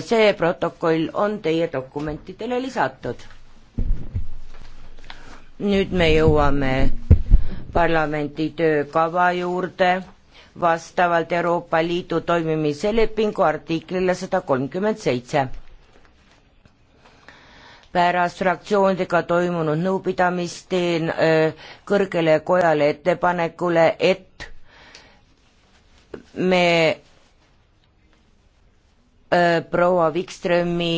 see protokoll on teie dokumentidele lisatud. nüüd me jõuame parlamendi töökava juurde vastavalt Euroopa Liidu toimimise lepingu artiklile sada kolmkümmend seitse. pärast fraktsioonidega toimunud nõupidamist teen öö, kõrgele kojale ettepanekule, et me Äh, proua Wikströmi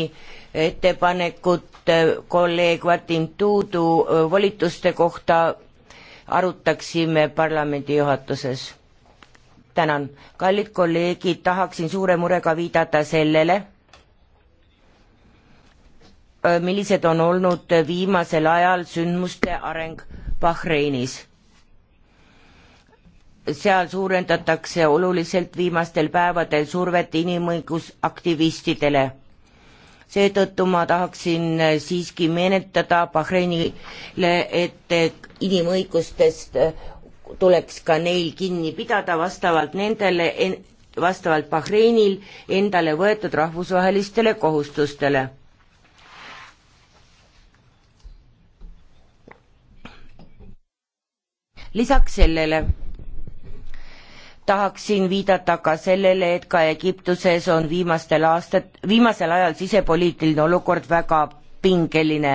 ettepanekut äh, kolleeg Vadim Tuudu äh, volituste kohta arutaksime parlamendi juhatuses. tänan, kallid kolleegid, tahaksin suure murega viidata sellele, millised on olnud viimasel ajal sündmuste areng Bahreinis seal suurendatakse oluliselt viimastel päevadel survet inimõigusaktivistidele. seetõttu ma tahaksin siiski meenutada Bahreinile, et inimõigustest tuleks ka neil kinni pidada vastavalt nendele, vastavalt Bahreinil endale võetud rahvusvahelistele kohustustele lisaks sellele tahaksin viidata ka sellele, et ka Egiptuses on viimastel aastat, viimasel ajal sisepoliitiline olukord väga pingeline,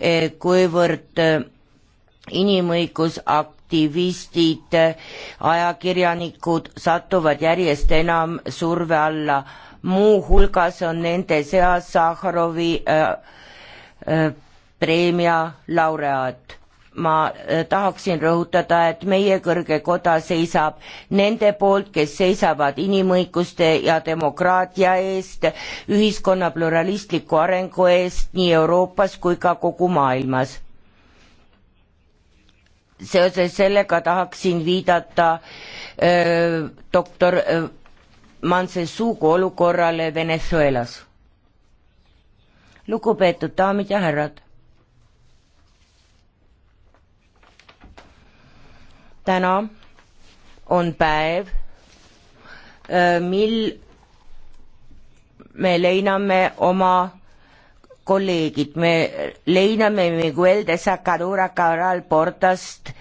eh, kuivõrd eh, inimõigusaktivistid, eh, ajakirjanikud satuvad järjest enam surve alla, muuhulgas on nende seas Sahharovi äh, äh, preemia laureaat ma äh, tahaksin rõhutada, et meie kõrge koda seisab nende poolt, kes seisavad inimõiguste ja demokraatia eest, ühiskonna pluralistliku arengu eest nii Euroopas kui ka kogu maailmas. seoses sellega tahaksin viidata öö, äh, doktor öö, äh, Mansesugu olukorrale Venezuelas. lugupeetud daamid ja härrad täna on päev, äh, mil me leiname oma kolleegid, me leiname Miguel de Sacadura Caral Portast